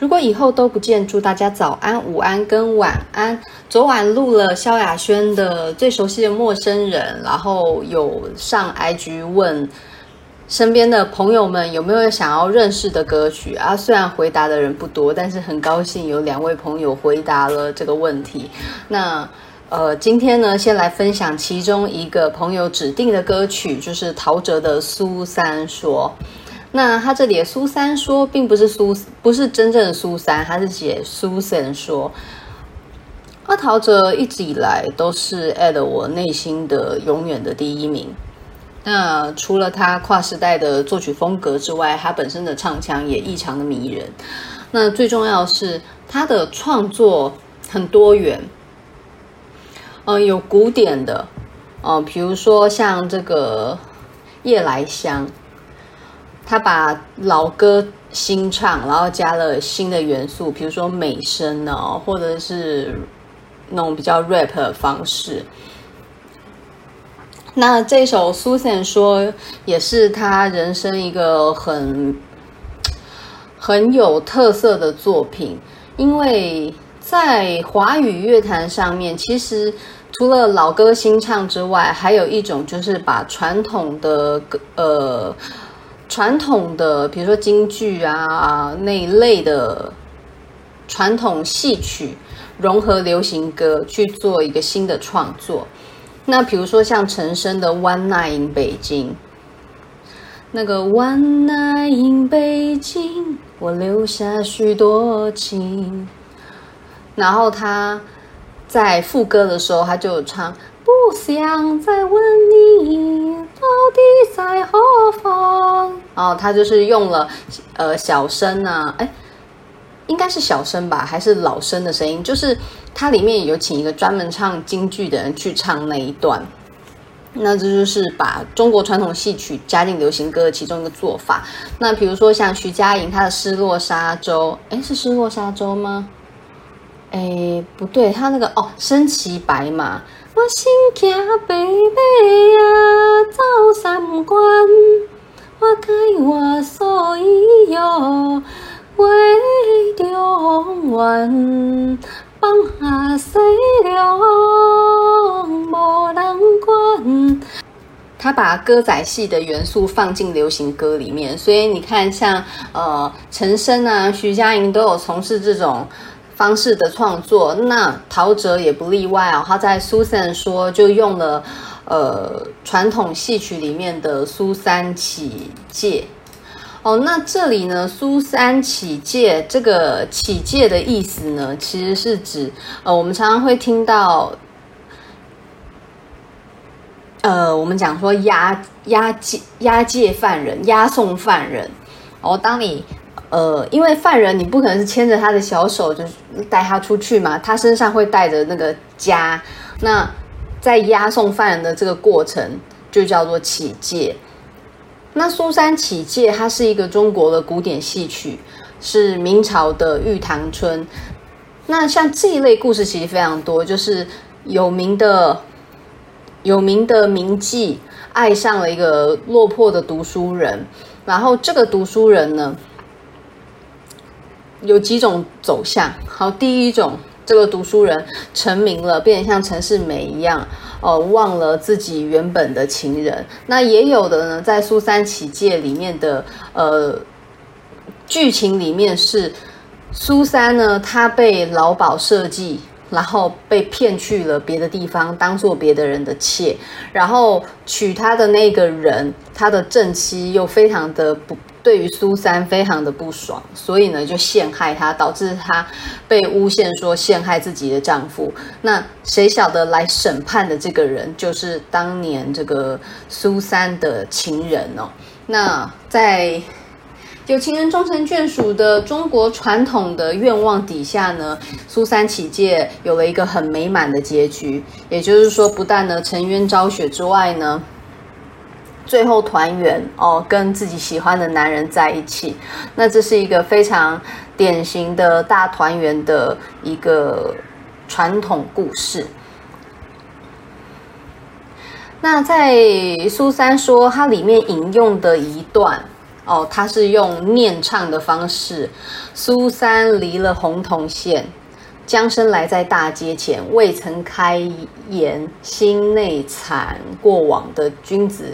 如果以後都不見，祝大家早安、午安跟晚安。昨晚錄了蕭亞軒的《最熟悉的陌生人》，然後有上 IG 問身邊的朋友們有沒有想要認識的歌曲啊。雖然回答的人不多，但是很高興有兩位朋友回答了這個問題。那呃，今天呢，先來分享其中一個朋友指定的歌曲，就是陶喆的《蘇三說》。那他這裡蘇三說，並不是蘇，不是真正的蘇三，他是寫 Susan 說。阿陶喆一直以來都是 at 我內心的永遠的第一名。那除了他跨時代的作曲風格之外，他本身的唱腔，也異常的迷人。那最重要是他的創作很多元，呃、有古典的，嗯、呃，比如說像這個夜來香。他把老歌新唱，然後加了新的元素，比如說美聲呢、哦，或者是那種比較 rap 的方式。那這首 Susan 說也是他人生一個很很有特色的作品，因為在華語樂壇上面，其實除了老歌新唱之外，還有一種就是把傳統的呃。傳統的，比如說京劇啊，啊那一類的，傳統戲曲融合流行歌去做一個新的創作。那比如說像陳升的《One Night in Beijing》，那個《One Night in Beijing》，我留下許多情。然後他在副歌的時候，他就唱。不想再問你到底在何方。哦，他就是用了呃小聲啊，哎，應該是小聲吧，還是老生的聲音？就是他裡面有請一個專門唱京劇的人去唱那一段。那這就是把中國傳統戲曲加進流行歌的其中一個做法。那比如說像徐佳瑩她的《失落沙洲》，哎，是《失落沙洲》嗎？哎，不對，他那個哦，身騎白馬。我身騎白馬啊，走三關。我改換素衣喲，回中原。放下西涼，無人管。他把歌仔戲的元素放進流行歌裡面，所以你看像，像呃陳昇啊、徐佳瑩都有從事這種。方式的創作，那陶喆也不例外啊、哦。他在 Susan 說就用了，呃，傳統戲曲裡面的蘇三起解。哦，那這裡呢，蘇三起解這個起解的意思呢，其實是指，呃，我們常常會聽到，呃，我們講說押、押解、押解犯人，押送犯人，哦，當你。呃，因為犯人你不可能是牽着他的小手，就是帶他出去嘛。他身上會帶着那個枷，那在押送犯人的這個過程就叫做起解。那《蘇三起解》它是一個中國的古典戲曲，是明朝的《玉堂春》。那像這一類故事其實非常多，就是有名的有名的名妓愛上了一個落魄的讀書人，然後這個讀書人呢，有幾種走向。好，第一種，這個讀書人成名了，變得像陳世美一樣，呃，忘了自己原本的情人。那也有的呢，在蘇三起解裡面的呃劇情裡面是，蘇三呢，他被老鴇設計，然後被騙去了別的地方，當做別的人的妾，然後娶她的那個人，他的正妻又非常的不。對於蘇三非常的不爽，所以呢就陷害她，導致她被誣陷說陷害自己的丈夫。那誰曉得來審判的這個人，就是當年這個蘇三的情人哦。那在有情人終成眷屬的中國傳統的願望底下呢，蘇三起解有了一個很美滿的結局。也就是說，不但呢沉冤昭雪之外呢。最後團圓哦，跟自己喜歡的男人在一起，那這是一個非常典型的大團圓的一個傳統故事。那在蘇三說它裡面引用的一段哦，它是用念唱的方式。蘇三離了洪洞縣，將身來在大街前，未曾開言，心內慘過往的君子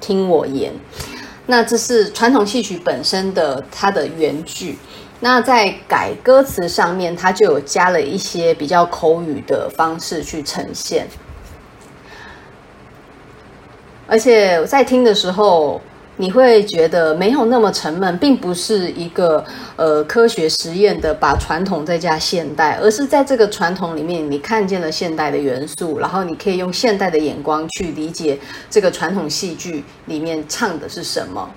聽我言。那這是傳統戲曲本身的它的原句，那在改歌詞上面，它就有加了一些比較口語的方式去呈現，而且我在聽的時候。你會覺得沒有那麼沉悶，並不是一個呃科學實驗的把傳統再加現代，而是在這個傳統裡面，你看見了現代的元素，然後你可以用現代的眼光去理解這個傳統戲劇裡面唱的是什麼。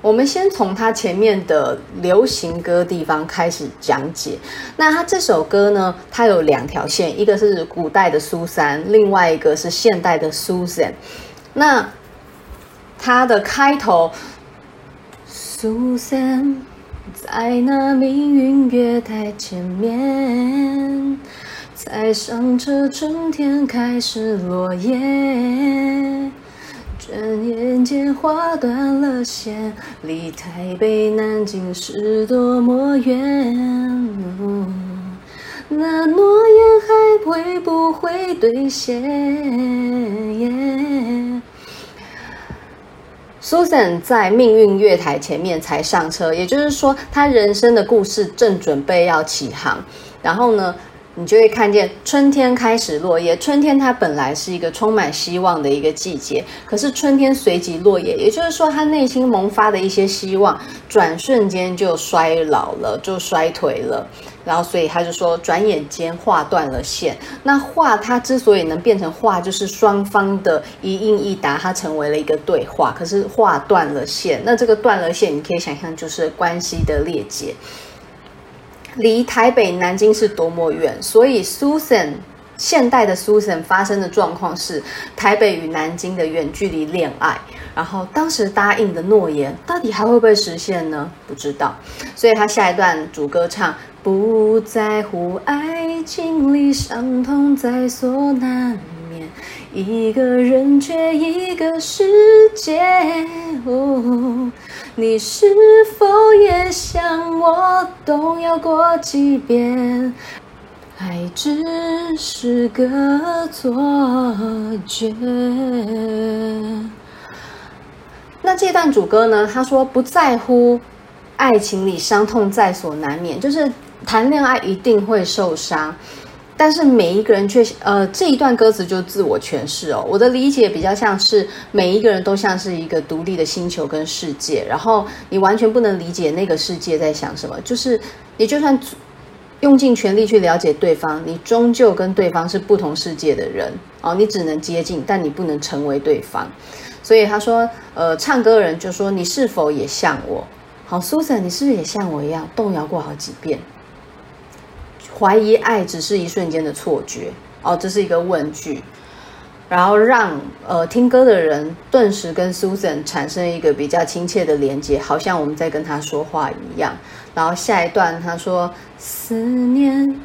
我們先從他前面的流行歌地方開始講解。那它這首歌呢，它有兩條線，一個是古代的蘇三，另外一個是現代的 Susan。那，它的開頭，蘇三在那命運月台前面，才上車，春天開始落葉，轉眼間花斷了線，離台北南京是多麼遠。嗯那諾言，還會不會兌現？yeah、Susan 在命運月台前面才上車，也就是說，她人生的故事正準備要起航。然後呢，你就會看見春天開始落葉，春天它本來是一個充滿希望的一個季節，可是春天隨即落葉，也就是說它內心萌發的一些希望，轉瞬間就衰老了，就衰退了，然後所以他就說轉眼間話斷了線。那話它之所以能變成話，就是雙方的一應一答，它成為了一個對話。可是話斷了線，那這個斷了線，你可以想象就是關係的裂解。離台北、南京是多麼遠，所以 Susan 現代的 Susan 發生的狀況是台北與南京的遠距離戀愛，然後當時答應的諾言到底還會不會實現呢？不知道，所以他下一段主歌唱，不在乎愛情裡傷痛在所難免，一個人卻一個世界，哦。你是否也像我動搖過幾遍？愛只是個錯覺。那這段主歌呢？他說不在乎，愛情裡傷痛在所難免，就是談戀愛一定會受傷。但是每一個人卻，呃，這一段歌詞就自我詮釋哦。我的理解比較像是每一個人都像是一個獨立的星球跟世界，然後你完全不能理解那個世界在想什麼。就是你就算用盡全力去了解對方，你終究跟對方是不同世界的人哦。你只能接近，但你不能成為對方。所以他說，呃，唱歌人就說，你是否也像我，好，Susan，你是不是也像我一樣動搖過好幾遍？懷疑愛只是一瞬間的錯覺，哦，這是一個問句，然後讓呃聽歌的人頓時跟 Susan 產生一個比較親切的連接，好像我們在跟他說話一樣。然後下一段他說，思念，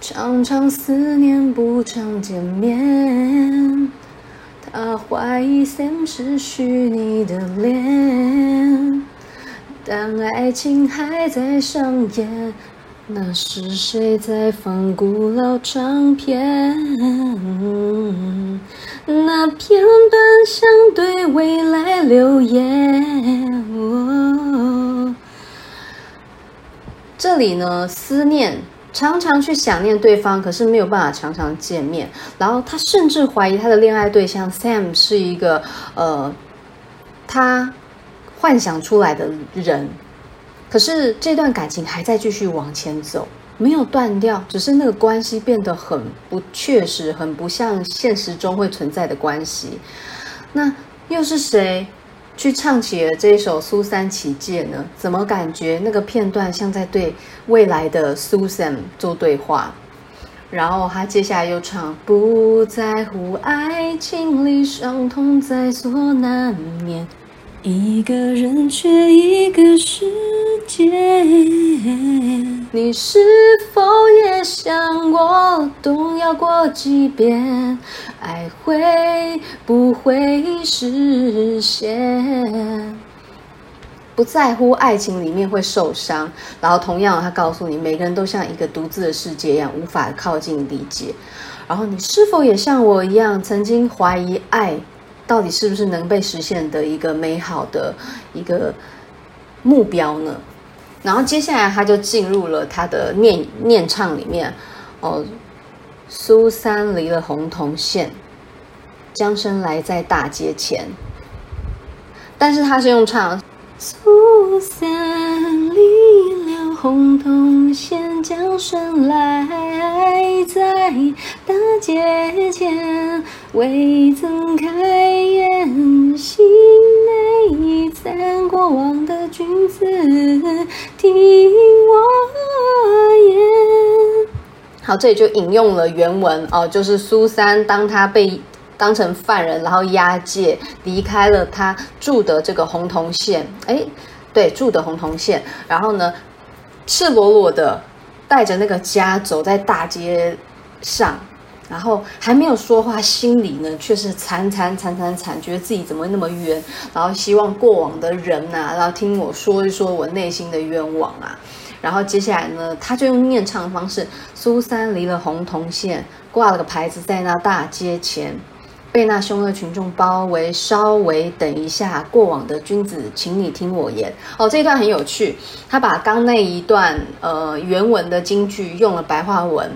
常常思念不常見面，他懷疑 Sam 是虛擬的臉，但愛情還在上演。那是誰在放古老唱片？那片段像對未來留言。哦哦這裡呢，思念常常去想念對方，可是沒有辦法常常見面。然後他甚至懷疑他的戀愛對象 Susan 是一個呃，他幻想出來的人。可是這段感情還在繼續往前走，沒有斷掉，只是那個關係變得很不確實，很不像現實中會存在的關係。那又是誰去唱起了這一首《蘇三起解》呢？怎麼感覺那個片段像在對未來的蘇三做對話？然後他接下來又唱，不在乎愛情裡傷痛在所難免。一個人，卻一個世界。你是否也像我動搖過幾遍？愛會不會實現？不在乎愛情裡面會受傷，然後同樣他告訴你，每個人都像一個獨自的世界一樣，無法靠近理解。然後你是否也像我一樣，曾經懷疑愛？到底是不是能被實現的一個美好的一個目標呢？然後接下來他就進入了他的念念唱裡面，哦，蘇三離了洪洞縣，將身來在大街前。但是他是用唱。蘇紅洞縣，將身來在大街前，未曾開言，心內已忖，過往的君子聽我言。好，這裡就引用了原文哦，就是蘇三，當他被當成犯人，然後押解離開了他住的這個紅洞縣。哎，對，住的紅洞縣，然後呢？赤裸裸的帶着那個家走在大街上，然後還沒有說話，心裡呢卻是慘慘慘慘慘，慘，慘，慘，覺得自己怎麼那麼冤，然後希望過往的人吶、啊，然後聽我說一說我內心的冤枉啊，然後接下來呢，他就用念唱的方式，蘇三離了洪洞縣，掛了個牌子在那大街前。被那兇惡群眾包圍，稍微等一下，過往的君子，請你聽我言。哦，這一段很有趣，他把剛那一段呃原文的京劇用了白話文，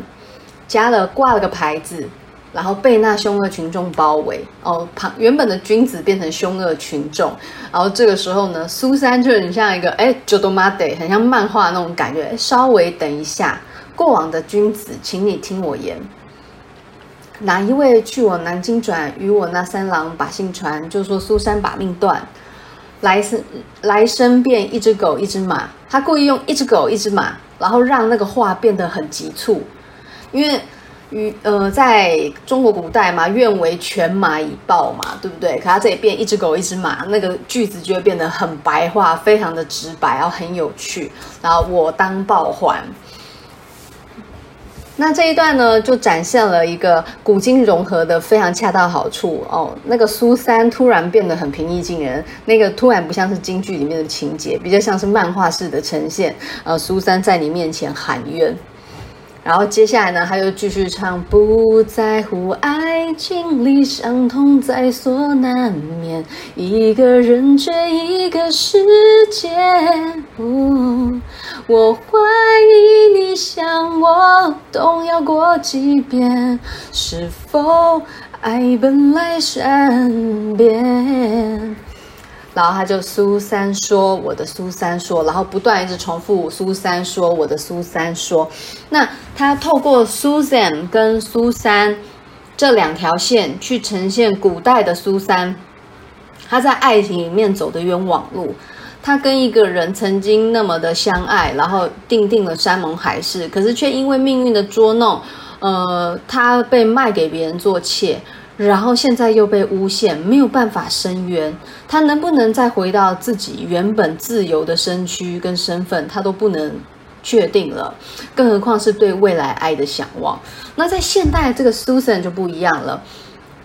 加了掛了個牌子，然後被那兇惡群眾包圍。哦，旁原本的君子變成兇惡群眾，然後這個時候呢，蘇三就很像一個哎，就都很像漫畫那種感覺。稍微等一下，過往的君子，請你聽我言。哪一位去往南京轉，與我那三郎把信傳，就說蘇三把命斷，來生來生變一只狗一只馬。他故意用一只狗一只馬，然後讓那個話變得很急促，因為與呃，在中國古代嘛，願為犬馬以報嘛，對不對？可他這裡變一只狗一只馬，那個句子就會變得很白話，非常的直白，然後很有趣。然後我當報還。那這一段呢，就展現了一個古今融合的非常恰到好處哦。那個蘇三突然變得很平易近人，那個突然不像是京劇裡面的情節，比較像是漫畫式的呈現。呃，蘇三在你面前喊冤。然後接下來呢，他就繼續唱，不在乎愛情裡傷痛在所難免，一個人追一個世界。我懷疑你想我動搖過幾遍，是否愛本來善變？然後他就 Susan 說，我的 Susan 說，然後不斷一直重複 Susan 說，我的 Susan 說。那他透過 Susan 跟蘇三這兩條線去呈現古代的蘇三，他在愛情裡面走的冤枉路，他跟一個人曾經那麼的相愛，然後訂定了山盟海誓，可是卻因為命運的捉弄，呃，他被賣給別人做妾。然後現在又被誣陷，沒有辦法申冤。他能不能再回到自己原本自由的身軀跟身份，他都不能確定了。更何況是對未來愛的嚮往。那在現代，這個 Susan 就不一樣了。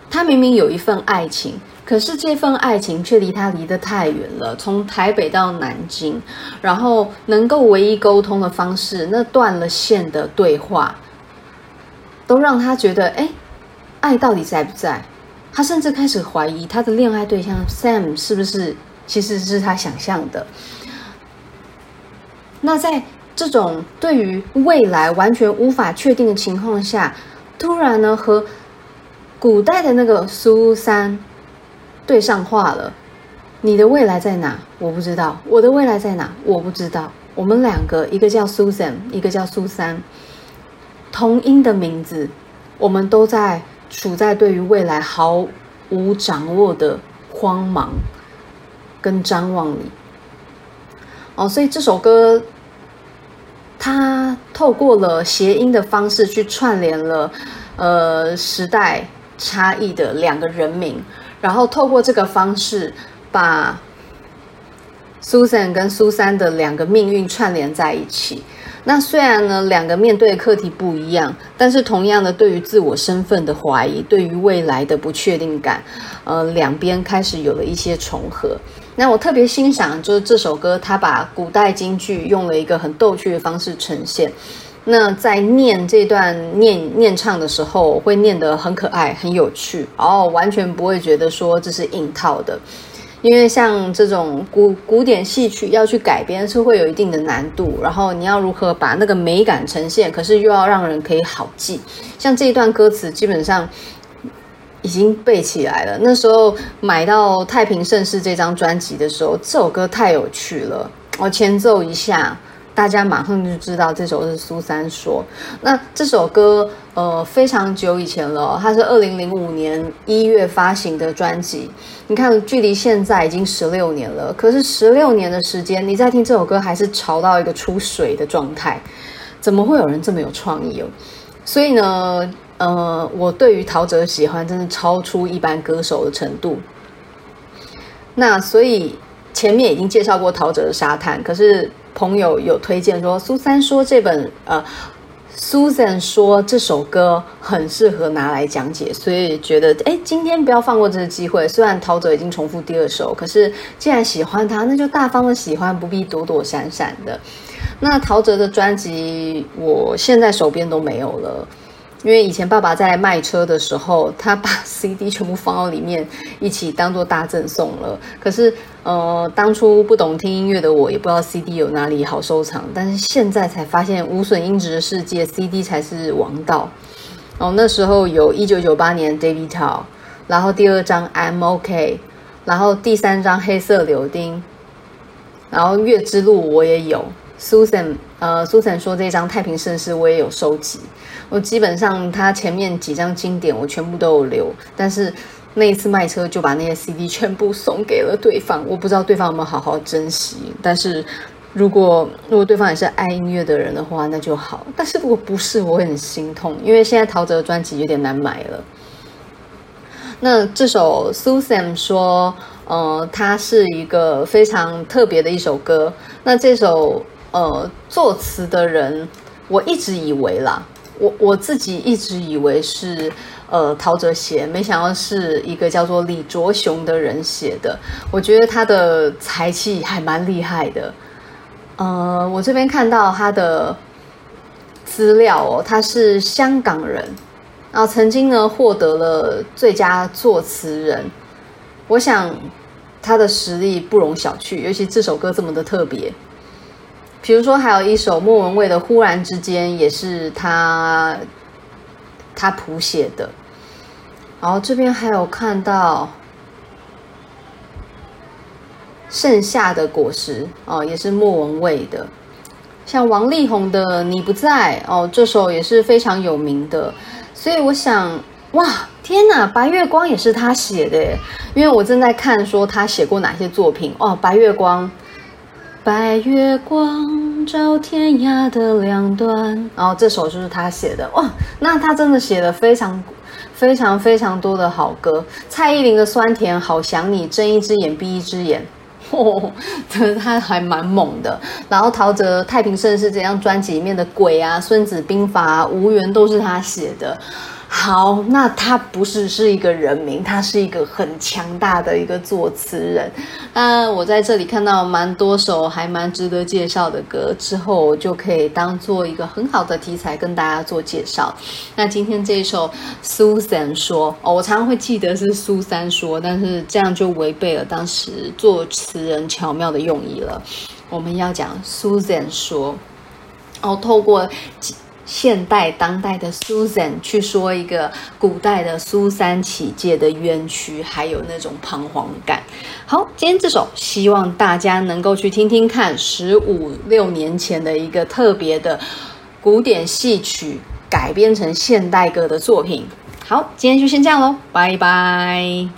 她明明有一份愛情，可是這份愛情卻離她離得太遠了。從台北到南京，然後能夠唯一溝通的方式，那斷了線的對話，都讓她覺得哎。誒愛到底在不在？他甚至開始懷疑他的戀愛對象 Sam 是不是其實是他想象的。那在這種對於未來完全無法確定的情況下，突然呢，和古代的那個蘇三對上話了。你的未來在哪？我不知道。我的未來在哪？我不知道。我們兩個，一個叫 Susan，一個叫蘇三，同音的名字，我們都在處在對於未來毫無掌握的慌忙跟張望裡，哦，所以這首歌它透過了諧音的方式去串聯了，呃，時代差異的兩個人名，然後透過這個方式把蘇 n 跟蘇三的兩個命運串聯在一起。那雖然呢，兩個面對的課題不一樣，但是同樣的，對於自我身份的懷疑，對於未來的不確定感，呃，兩邊開始有了一些重合。那我特別欣賞，就是這首歌，它把古代京劇用了一個很逗趣的方式呈現。那在念這段念念唱的時候，會念得很可愛、很有趣，然後完全不會覺得說這是硬套的。因為像這種古古典戲曲要去改編，是會有一定的難度。然後你要如何把那個美感呈現，可是又要讓人可以好記。像這一段歌詞，基本上已經背起來了。那時候買到《太平盛世》這張專輯的時候，這首歌太有趣了。我前奏一下，大家馬上就知道這首是 Susan 說。那這首歌，呃，非常久以前了，哦，它是二零零五年一月發行的專輯。你看，距離現在已經十六年了，可是十六年的時間，你在聽這首歌還是潮到一個出水的狀態，怎麼會有人這麼有創意哦？所以呢，呃，我對於陶喆的喜歡真的超出一般歌手的程度。那所以前面已經介紹過陶喆的《沙灘》，可是朋友有推薦說蘇三說這本呃。Susan 說這首歌很適合拿來講解，所以覺得誒，今天不要放過這個機會。雖然陶喆已經重複第二首，可是既然喜歡他，那就大方的喜歡，不必躲躲閃閃的。那陶喆的專輯，我現在手邊都沒有了。因為以前爸爸在賣車的時候，他把 CD 全部放到裡面一起當作大贈送了。可是，呃，當初不懂聽音樂的我，也不知道 CD 有哪裡好收藏。但是現在才發現無損音質的世界，CD 才是王道。哦，那時候有一九九八年 David Tao，然後第二張 I'm OK，然後第三張黑色柳丁，然後《樂之路》我也有。Susan，呃，Susan 說這張《太平盛世》我也有收集。我基本上他前面幾張經典我全部都有留，但是那一次賣車就把那些 CD 全部送給了對方，我不知道對方有沒有好好珍惜。但是如果如果對方也是愛音樂的人的話，那就好。但是如果不是，我很心痛，因為現在陶喆的專輯有點難買了。那這首 Susan 說，呃，它是一個非常特別的一首歌。那這首。呃，作詞的人，我一直以為啦，我我自己一直以為是呃陶喆寫，沒想到是一個叫做李卓雄的人寫的。我覺得他的才氣還蠻厲害的。呃，我這邊看到他的資料哦，他是香港人，啊，曾經呢獲得了最佳作詞人，我想他的實力不容小覷，尤其這首歌這麼的特別。比如說，還有一首莫文蔚的《忽然之間》，也是他他譜寫的。然後這邊還有看到《盛夏的果實》哦，也是莫文蔚的。像王力宏的《你不在》哦，這首也是非常有名的。所以我想，哇，天哪！《白月光》也是他寫的耶，因為我正在看說他寫過哪些作品哦，《白月光》。白月光照天涯的兩端，然後這首就是他寫的哦，那他真的寫了非常、非常、非常多的好歌。蔡依林的《酸甜》《好想你》《睜一隻眼閉一隻眼》哦，吼真的他還蠻猛的。然後陶喆《太平盛世》這張專輯裡面的《鬼》啊《孫子兵法》啊《無緣》都是他寫的。好，那他不是是一個人名，他是一個很強大的一個作詞人。那我在這裡看到蠻多首還蠻值得介紹的歌，之後我就可以當做一個很好的題材跟大家做介紹。那今天這一首 Susan 說，哦，我常常會記得是 Susan 說，但是這樣就違背了當時作詞人巧妙的用意了。我們要講 Susan 說，哦，透過。現代當代的 Susan 去說一個古代的蘇三起解的冤屈，還有那種彷徨感。好，今天這首希望大家能夠去聽聽看，十五六年前的一個特別的古典戲曲改編成現代歌的作品。好，今天就先這樣嘍，拜拜。